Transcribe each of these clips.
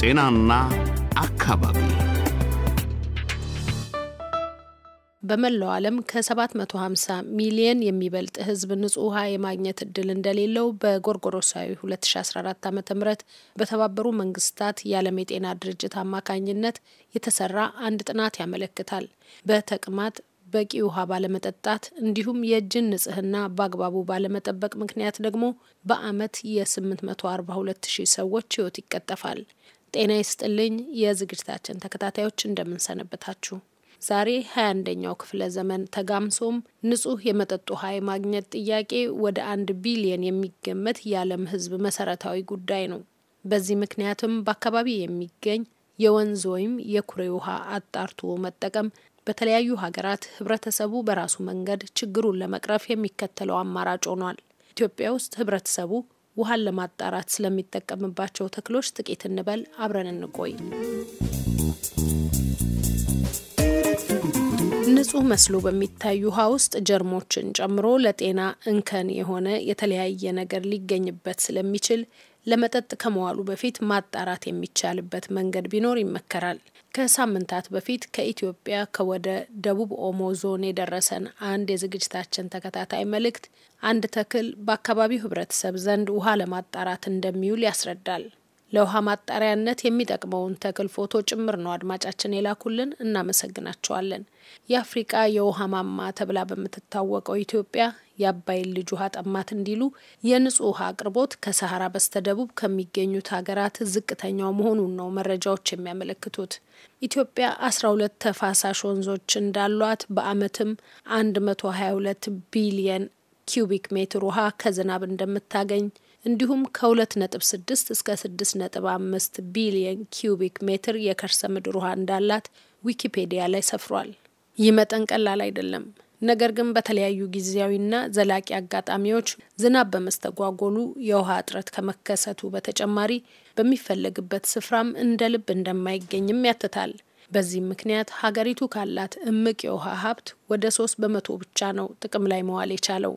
ጤናና አካባቢ በመላው ዓለም ከ750 ሚሊየን የሚበልጥ ሕዝብ ንጹህ ውሃ የማግኘት እድል እንደሌለው በጎርጎሮሳዊ 2014 ዓ ም በተባበሩ መንግስታት የዓለም የጤና ድርጅት አማካኝነት የተሰራ አንድ ጥናት ያመለክታል። በተቅማጥ በቂ ውሃ ባለመጠጣት እንዲሁም የእጅን ንጽህና በአግባቡ ባለመጠበቅ ምክንያት ደግሞ በአመት የ842 ሺህ ሰዎች ህይወት ይቀጠፋል። ጤና ይስጥልኝ የዝግጅታችን ተከታታዮች እንደምንሰነበታችሁ። ዛሬ 21ኛው ክፍለ ዘመን ተጋምሶም ንጹህ የመጠጥ ውሃ የማግኘት ጥያቄ ወደ አንድ ቢሊየን የሚገመት የዓለም ህዝብ መሰረታዊ ጉዳይ ነው። በዚህ ምክንያትም በአካባቢ የሚገኝ የወንዝ ወይም የኩሬ ውሃ አጣርቶ መጠቀም በተለያዩ ሀገራት ህብረተሰቡ በራሱ መንገድ ችግሩን ለመቅረፍ የሚከተለው አማራጭ ሆኗል። ኢትዮጵያ ውስጥ ህብረተሰቡ ውሃን ለማጣራት ስለሚጠቀምባቸው ተክሎች ጥቂት እንበል፣ አብረን እንቆይ። ንጹህ መስሎ በሚታይ ውሃ ውስጥ ጀርሞችን ጨምሮ ለጤና እንከን የሆነ የተለያየ ነገር ሊገኝበት ስለሚችል ለመጠጥ ከመዋሉ በፊት ማጣራት የሚቻልበት መንገድ ቢኖር ይመከራል። ከሳምንታት በፊት ከኢትዮጵያ ከወደ ደቡብ ኦሞ ዞን የደረሰን አንድ የዝግጅታችን ተከታታይ መልእክት አንድ ተክል በአካባቢው ሕብረተሰብ ዘንድ ውሃ ለማጣራት እንደሚውል ያስረዳል። ለውሃ ማጣሪያነት የሚጠቅመውን ተክል ፎቶ ጭምር ነው አድማጫችን የላኩልን። እናመሰግናቸዋለን። የአፍሪቃ የውሃ ማማ ተብላ በምትታወቀው ኢትዮጵያ የአባይን ልጅ ውሃ ጠማት እንዲሉ የንጹህ ውሃ አቅርቦት ከሰሐራ በስተደቡብ ከሚገኙት ሀገራት ዝቅተኛው መሆኑን ነው መረጃዎች የሚያመለክቱት። ኢትዮጵያ 12 ተፋሳሽ ወንዞች እንዳሏት በአመትም 122 ቢሊየን ኪዩቢክ ሜትር ውሃ ከዝናብ እንደምታገኝ እንዲሁም ከ2.6 እስከ 6.5 ቢሊየን ኪዩቢክ ሜትር የከርሰ ምድር ውሃ እንዳላት ዊኪፔዲያ ላይ ሰፍሯል። ይህ መጠን ቀላል አይደለም። ነገር ግን በተለያዩ ጊዜያዊና ዘላቂ አጋጣሚዎች ዝናብ በመስተጓጎሉ የውሃ እጥረት ከመከሰቱ በተጨማሪ በሚፈለግበት ስፍራም እንደ ልብ እንደማይገኝም ያትታል። በዚህም ምክንያት ሀገሪቱ ካላት እምቅ የውሃ ሀብት ወደ ሶስት በመቶ ብቻ ነው ጥቅም ላይ መዋል የቻለው።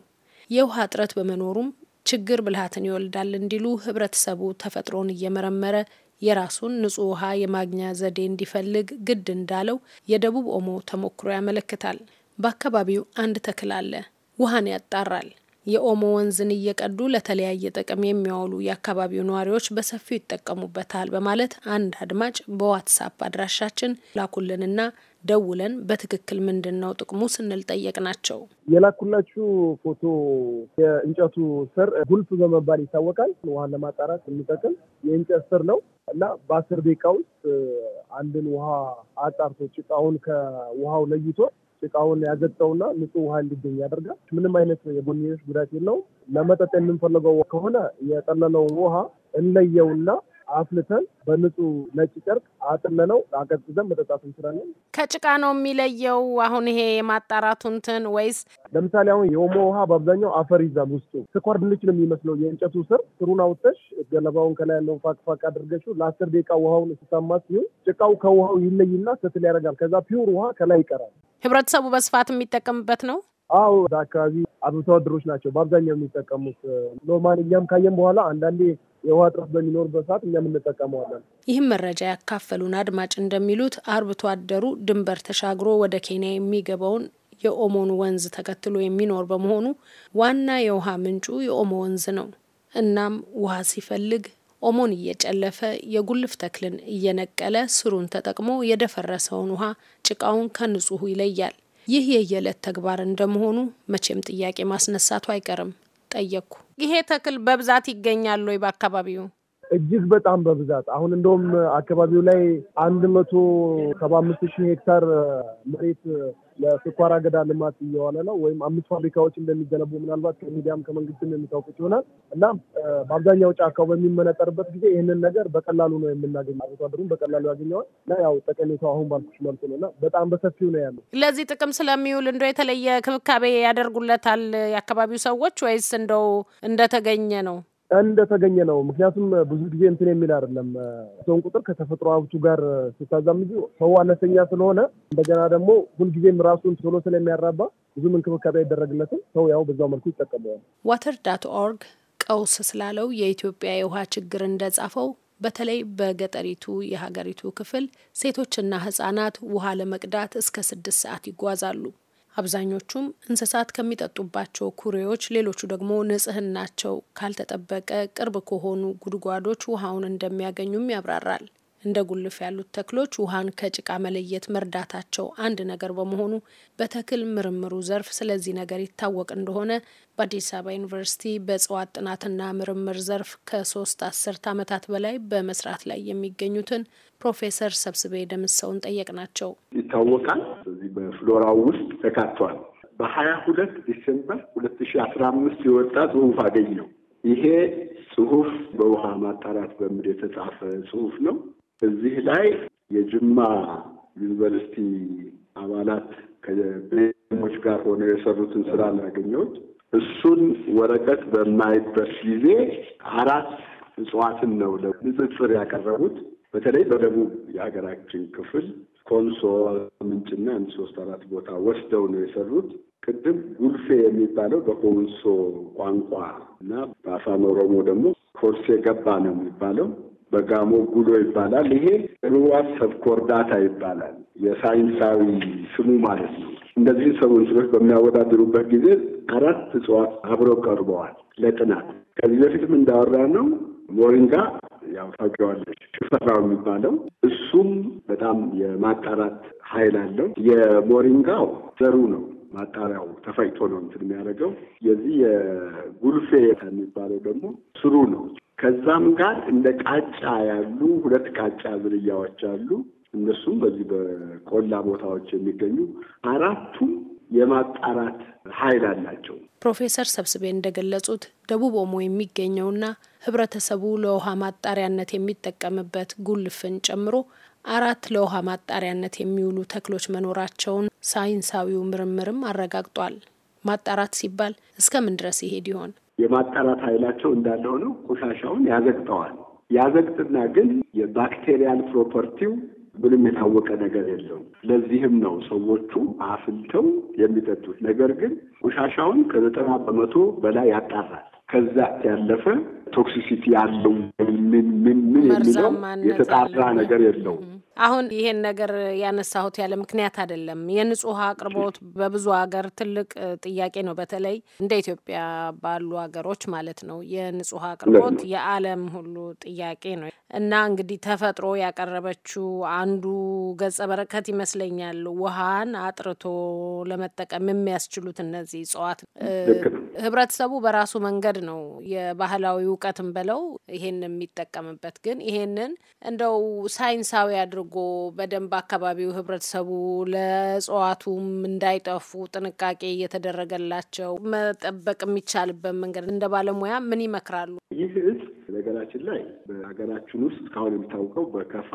የውሃ እጥረት በመኖሩም ችግር ብልሃትን ይወልዳል እንዲሉ ህብረተሰቡ ተፈጥሮን እየመረመረ የራሱን ንጹህ ውሃ የማግኛ ዘዴ እንዲፈልግ ግድ እንዳለው የደቡብ ኦሞ ተሞክሮ ያመለክታል። በአካባቢው አንድ ተክል አለ። ውሃን ያጣራል። የኦሞ ወንዝን እየቀዱ ለተለያየ ጥቅም የሚያውሉ የአካባቢው ነዋሪዎች በሰፊው ይጠቀሙበታል በማለት አንድ አድማጭ በዋትሳፕ አድራሻችን ላኩልንና ደውለን በትክክል ምንድን ነው ጥቅሙ ስንል ጠየቅ ናቸው። የላኩላችሁ ፎቶ የእንጨቱ ስር ጉልፍ በመባል ይታወቃል። ውሃን ለማጣራት የሚጠቅም የእንጨት ስር ነው እና በአስር ደቂቃ ውስጥ አንድን ውሃ አጣርቶ ጭቃውን ከውሃው ለይቶ እቃውን ያገጠውና ንጹህ ውሃ እንዲገኝ ያደርጋል። ምንም አይነት የጎንዮሽ ጉዳት የለውም። ለመጠጥ የምንፈልገው ከሆነ የጠለለውን ውሃ እንለየውና አፍልተን በንጹህ ነጭ ጨርቅ አጥለነው አቀዝቅዘን መጠጣት እንችላለን። ከጭቃ ነው የሚለየው አሁን ይሄ የማጣራቱ እንትን ወይስ ለምሳሌ አሁን የኦሞ ውሃ በአብዛኛው አፈር ይዛል ውስጡ ስኳር ድንች ነው የሚመስለው የእንጨቱ ስር ስሩን አውጥተሽ ገለባውን ከላይ ያለውን ፋቅፋቅ አድርገሽው ለአስር ደቂቃ ውሃውን ስታማ ሲሆን ጭቃው ከውሃው ይለይና ስትል ያደርጋል። ከዛ ፒውር ውሃ ከላይ ይቀራል። ህብረተሰቡ በስፋት የሚጠቀምበት ነው። አው አካባቢ አርብቶ አደሮች ናቸው በአብዛኛው የሚጠቀሙት። ኖርማል እኛም ካየን በኋላ አንዳንዴ የውሃ እጥረት በሚኖርበት ሰዓት እኛም እንጠቀመዋለን። ይህም መረጃ ያካፈሉን አድማጭ እንደሚሉት አርብቶ አደሩ ድንበር ተሻግሮ ወደ ኬንያ የሚገባውን የኦሞን ወንዝ ተከትሎ የሚኖር በመሆኑ ዋና የውሃ ምንጩ የኦሞ ወንዝ ነው። እናም ውሃ ሲፈልግ ኦሞን እየጨለፈ የጉልፍ ተክልን እየነቀለ ስሩን ተጠቅሞ የደፈረሰውን ውሃ ጭቃውን ከንጹሁ ይለያል። ይህ የየዕለት ተግባር እንደመሆኑ መቼም ጥያቄ ማስነሳቱ አይቀርም። ጠየቅኩ። ይሄ ተክል በብዛት ይገኛል ወይ በአካባቢው? እጅግ በጣም በብዛት አሁን እንደውም አካባቢው ላይ አንድ መቶ ሰባ አምስት ሺህ ሄክታር መሬት ለስኳር አገዳ ልማት እየዋለ ነው ወይም አምስት ፋብሪካዎች እንደሚገነቡ ምናልባት ከሚዲያም ከመንግስትም የሚታውቁት ይሆናል እና በአብዛኛው ጫካው በሚመነጠርበት ጊዜ ይህንን ነገር በቀላሉ ነው የምናገኘው። አርሶ አደሩም በቀላሉ ያገኘዋል እና ያው ጠቀሜታው አሁን ባልኩሽ መልኩ ነው እና በጣም በሰፊው ነው ያለው። ለዚህ ጥቅም ስለሚውል እንደው የተለየ ክብካቤ ያደርጉለታል የአካባቢው ሰዎች ወይስ እንደው እንደተገኘ ነው? እንደተገኘ ነው። ምክንያቱም ብዙ ጊዜ እንትን የሚል አይደለም ሰውን ቁጥር ከተፈጥሮ ሀብቱ ጋር ስታዛምጁ ሰው አነስተኛ ስለሆነ እንደገና ደግሞ ሁልጊዜም ራሱን ቶሎ ስለሚያራባ ብዙም እንክብካቤ አይደረግለትም። ሰው ያው በዛው መልኩ ይጠቀመዋል። ዋተር ዳት ኦርግ ቀውስ ስላለው የኢትዮጵያ የውሃ ችግር እንደጻፈው በተለይ በገጠሪቱ የሀገሪቱ ክፍል ሴቶችና ህጻናት ውሃ ለመቅዳት እስከ ስድስት ሰዓት ይጓዛሉ። አብዛኞቹም እንስሳት ከሚጠጡባቸው ኩሬዎች፣ ሌሎቹ ደግሞ ንጽህናቸው ካልተጠበቀ ቅርብ ከሆኑ ጉድጓዶች ውሃውን እንደሚያገኙም ያብራራል። እንደ ጉልፍ ያሉት ተክሎች ውሃን ከጭቃ መለየት መርዳታቸው አንድ ነገር በመሆኑ በተክል ምርምሩ ዘርፍ ስለዚህ ነገር ይታወቅ እንደሆነ በአዲስ አበባ ዩኒቨርሲቲ በእጽዋት ጥናትና ምርምር ዘርፍ ከሶስት አስርት ዓመታት በላይ በመስራት ላይ የሚገኙትን ፕሮፌሰር ሰብስቤ ደምሰውን ጠየቅናቸው። ይታወቃል እዚህ በፍሎራ ውስጥ ተካቷል። በሀያ ሁለት ዲሴምበር ሁለት ሺ አስራ አምስት የወጣ ጽሁፍ ነው ይሄ ጽሁፍ በውሃ ማጣራት በሚል የተጻፈ ጽሁፍ ነው። እዚህ ላይ የጅማ ዩኒቨርሲቲ አባላት ከቤሞች ጋር ሆነ የሰሩትን ስራ ነው ያገኘሁት። እሱን ወረቀት በማይበት ጊዜ አራት እጽዋትን ነው ለንጽጽር ያቀረቡት። በተለይ በደቡብ የሀገራችን ክፍል ኮንሶ፣ ምንጭና አንድ ሶስት አራት ቦታ ወስደው ነው የሰሩት። ቅድም ጉልፌ የሚባለው በኮንሶ ቋንቋ እና በአፋን ኦሮሞ ደግሞ ኮርሴ ገባ ነው የሚባለው በጋሞ ጉሎ ይባላል። ይሄ ሩዋት ሰብኮርዳታ ይባላል የሳይንሳዊ ስሙ ማለት ነው። እንደዚህ ሰው እንስሎች በሚያወዳድሩበት ጊዜ አራት እጽዋት አብረው ቀርበዋል ለጥናት። ከዚህ በፊትም እንዳወራ ነው ሞሪንጋ ያው ታውቂዋለሽ፣ ሽፈራው የሚባለው እሱም በጣም የማጣራት ኃይል አለው። የሞሪንጋው ዘሩ ነው ማጣሪያው ተፈጭቶ ነው እንትን የሚያደርገው። የዚህ የጉልፌ የሚባለው ደግሞ ስሩ ነው። ከዛም ጋር እንደ ቃጫ ያሉ ሁለት ቃጫ ዝርያዎች አሉ። እነሱም በዚህ በቆላ ቦታዎች የሚገኙ አራቱም የማጣራት ኃይል አላቸው። ፕሮፌሰር ሰብስቤ እንደገለጹት ደቡብ ኦሞ የሚገኘውና ህብረተሰቡ ለውሃ ማጣሪያነት የሚጠቀምበት ጉልፍን ጨምሮ አራት ለውሃ ማጣሪያነት የሚውሉ ተክሎች መኖራቸውን ሳይንሳዊው ምርምርም አረጋግጧል። ማጣራት ሲባል እስከምን ድረስ ይሄድ ይሆን? የማጣራት ኃይላቸው እንዳለ ሆነው ቆሻሻውን ያዘግጠዋል። ያዘግጥና ግን የባክቴሪያል ፕሮፐርቲው ምንም የታወቀ ነገር የለውም። ለዚህም ነው ሰዎቹ አፍልተው የሚጠጡት። ነገር ግን ቆሻሻውን ከዘጠና በመቶ በላይ ያጣራል። ከዛ ያለፈ ቶክሲሲቲ ያለው ምን ምን የሚለው የተጣራ ነገር የለውም። አሁን ይሄን ነገር ያነሳሁት ያለ ምክንያት አይደለም። የንጹህ ውሃ አቅርቦት በብዙ ሀገር ትልቅ ጥያቄ ነው። በተለይ እንደ ኢትዮጵያ ባሉ ሀገሮች ማለት ነው። የንጹህ ውሃ አቅርቦት የዓለም ሁሉ ጥያቄ ነው እና እንግዲህ ተፈጥሮ ያቀረበችው አንዱ ገጸ በረከት ይመስለኛል። ውሃን አጥርቶ ለመጠቀም የሚያስችሉት እነዚህ እጽዋት። ህብረተሰቡ በራሱ መንገድ ነው የባህላዊ እውቀትን በለው ይሄን የሚጠቀም የሚጠቀምበት። ግን ይሄንን እንደው ሳይንሳዊ አድርጎ በደንብ አካባቢው ህብረተሰቡ ለእጽዋቱም እንዳይጠፉ ጥንቃቄ እየተደረገላቸው መጠበቅ የሚቻልበት መንገድ እንደ ባለሙያ ምን ይመክራሉ? ይህ እጽ ነገራችን ላይ በሀገራችን ውስጥ እስካሁን የሚታወቀው በከፋ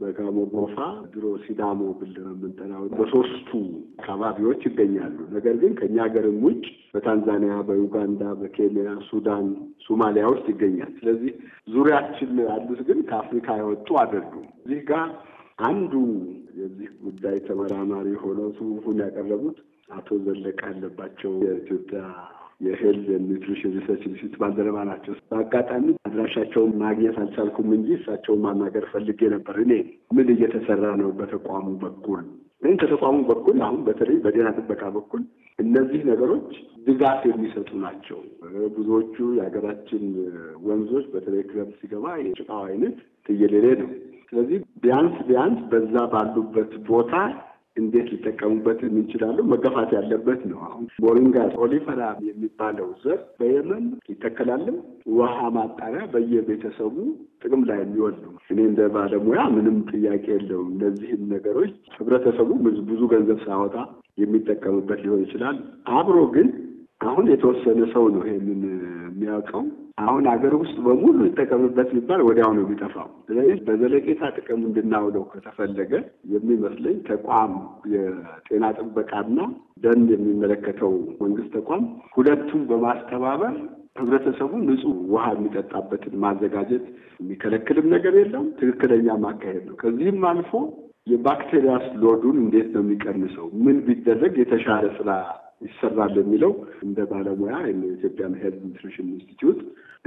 በጋሞ ጎፋ፣ ድሮ ሲዳሞ ብል ነው የምንጠራው በሶስቱ አካባቢዎች ይገኛሉ። ነገር ግን ከእኛ ሀገርም ውጭ በታንዛኒያ፣ በዩጋንዳ፣ በኬንያ፣ ሱዳን፣ ሱማሊያ ውስጥ ይገኛል። ስለዚህ ዙሪያችን ያሉት ግን ከአፍሪካ የወጡ አይደሉም። እዚህ ጋር አንዱ የዚህ ጉዳይ ተመራማሪ ሆነው ጽሑፉን ያቀረቡት አቶ ዘለቀ ያለባቸው የኢትዮጵያ የሄልዝ ኒትሪሽን ሪሰርች ኢንስቲትዩት ባልደረባ ናቸው። በአጋጣሚ አድራሻቸውን ማግኘት አልቻልኩም እንጂ እሳቸውን ማናገር ፈልጌ ነበር። እኔ ምን እየተሰራ ነው በተቋሙ በኩል ግን ከተቋሙ በኩል አሁን በተለይ በጤና ጥበቃ በኩል እነዚህ ነገሮች ድጋፍ የሚሰጡ ናቸው። ብዙዎቹ የሀገራችን ወንዞች በተለይ ክረምት ሲገባ የጭቃው አይነት ትየሌሌ ነው። ስለዚህ ቢያንስ ቢያንስ በዛ ባሉበት ቦታ እንዴት ሊጠቀሙበት የምንችላሉ መገፋት ያለበት ነው። አሁን ሞሪንጋ ኦሊፈራ የሚባለው ዘር በየመን ይተከላልም ውሃ ማጣሪያ በየቤተሰቡ ጥቅም ላይ የሚወል ነው። እኔ እንደ ባለሙያ ምንም ጥያቄ የለውም። እነዚህም ነገሮች ህብረተሰቡ ብዙ ገንዘብ ሳወጣ የሚጠቀምበት ሊሆን ይችላል። አብሮ ግን አሁን የተወሰነ ሰው ነው ይሄንን የሚያውቀው አሁን ሀገር ውስጥ በሙሉ ይጠቀምበት ሚባል ወዲያው ነው የሚጠፋው። ስለዚህ በዘለቄታ ጥቅም እንድናውለው ከተፈለገ የሚመስለኝ ተቋም የጤና ጥበቃና ደን የሚመለከተው መንግስት ተቋም ሁለቱም በማስተባበር ህብረተሰቡ ንጹህ ውሃ የሚጠጣበትን ማዘጋጀት የሚከለክልም ነገር የለም። ትክክለኛ ማካሄድ ነው። ከዚህም አልፎ የባክቴሪያስ ሎዱን እንዴት ነው የሚቀንሰው? ምን ቢደረግ የተሻለ ስራ ይሰራል የሚለው እንደ ባለሙያ የኢትዮጵያን ሄልት ኒትሪሽን ኢንስቲትዩት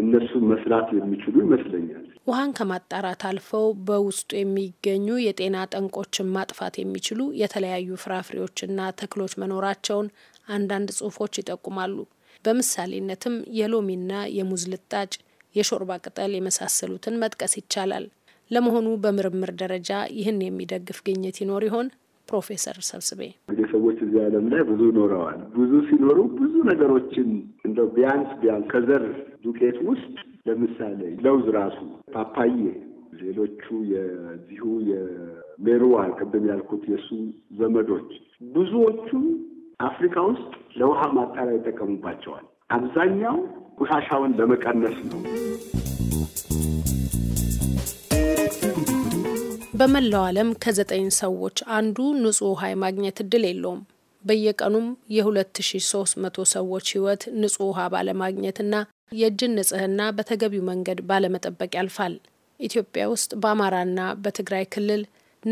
እነሱ መስራት የሚችሉ ይመስለኛል። ውሃን ከማጣራት አልፈው በውስጡ የሚገኙ የጤና ጠንቆችን ማጥፋት የሚችሉ የተለያዩ ፍራፍሬዎችና ተክሎች መኖራቸውን አንዳንድ ጽሁፎች ይጠቁማሉ። በምሳሌነትም የሎሚና የሙዝ ልጣጭ፣ የሾርባ ቅጠል የመሳሰሉትን መጥቀስ ይቻላል። ለመሆኑ በምርምር ደረጃ ይህን የሚደግፍ ግኝት ይኖር ይሆን? ፕሮፌሰር ሰብስቤ ዓለም ላይ ብዙ ኖረዋል። ብዙ ሲኖሩ ብዙ ነገሮችን እንደው ቢያንስ ቢያንስ ከዘር ዱቄት ውስጥ ለምሳሌ ለውዝ ራሱ፣ ፓፓዬ፣ ሌሎቹ የዚሁ የሜሩ ቅድም ያልኩት የእሱ ዘመዶች ብዙዎቹ አፍሪካ ውስጥ ለውሃ ማጣሪያ ይጠቀሙባቸዋል። አብዛኛው ቆሻሻውን ለመቀነስ ነው። በመላው ዓለም ከዘጠኝ ሰዎች አንዱ ንጹህ ውሃ የማግኘት እድል የለውም። በየቀኑም የ2300 ሰዎች ህይወት ንጹህ ውሃ ባለማግኘትና የእጅን ንጽህና በተገቢው መንገድ ባለመጠበቅ ያልፋል። ኢትዮጵያ ውስጥ በአማራና በትግራይ ክልል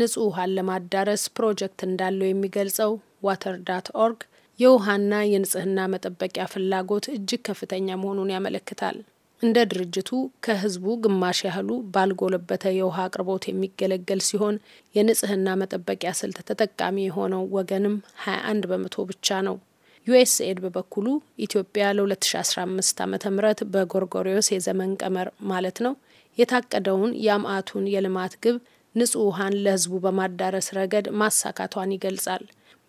ንጹህ ውሃን ለማዳረስ ፕሮጀክት እንዳለው የሚገልጸው ዋተር ዳት ኦርግ የውሃና የንጽህና መጠበቂያ ፍላጎት እጅግ ከፍተኛ መሆኑን ያመለክታል። እንደ ድርጅቱ ከህዝቡ ግማሽ ያህሉ ባልጎለበተ የውሃ አቅርቦት የሚገለገል ሲሆን የንጽህና መጠበቂያ ስልት ተጠቃሚ የሆነው ወገንም 21 በመቶ ብቻ ነው። ዩኤስኤድ በበኩሉ ኢትዮጵያ ለ2015 ዓ ም በጎርጎሪዮስ የዘመን ቀመር ማለት ነው የታቀደውን የአምአቱን የልማት ግብ ንጹህ ውሃን ለህዝቡ በማዳረስ ረገድ ማሳካቷን ይገልጻል።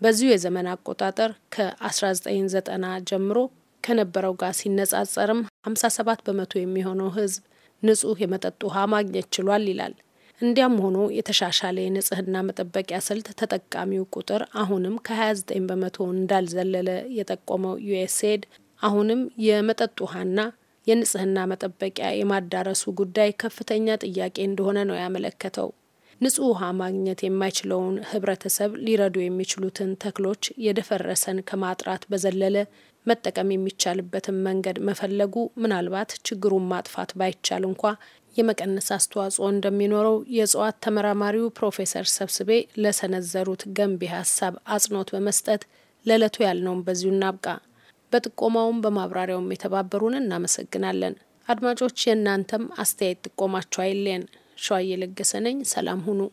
በዚሁ የዘመን አቆጣጠር ከ1990 ጀምሮ ከነበረው ጋር ሲነጻጸርም 57 በመቶ የሚሆነው ህዝብ ንጹህ የመጠጥ ውሃ ማግኘት ችሏል ይላል። እንዲያም ሆኖ የተሻሻለ የንጽህና መጠበቂያ ስልት ተጠቃሚው ቁጥር አሁንም ከ29 በመቶ እንዳልዘለለ የጠቆመው ዩኤስኤድ አሁንም የመጠጥ ውሃና የንጽህና መጠበቂያ የማዳረሱ ጉዳይ ከፍተኛ ጥያቄ እንደሆነ ነው ያመለከተው። ንጹህ ውሃ ማግኘት የማይችለውን ህብረተሰብ ሊረዱ የሚችሉትን ተክሎች የደፈረሰን ከማጥራት በዘለለ መጠቀም የሚቻልበትን መንገድ መፈለጉ ምናልባት ችግሩን ማጥፋት ባይቻል እንኳ የመቀነስ አስተዋጽኦ እንደሚኖረው የእጽዋት ተመራማሪው ፕሮፌሰር ሰብስቤ ለሰነዘሩት ገንቢ ሀሳብ አጽንኦት በመስጠት ለዕለቱ ያልነውን በዚሁ እናብቃ። በጥቆማውም በማብራሪያውም የተባበሩን እናመሰግናለን። አድማጮች የእናንተም አስተያየት ጥቆማቸው አይለየን። ሸዋዬ ለገሰ ነኝ። ሰላም ሁኑ።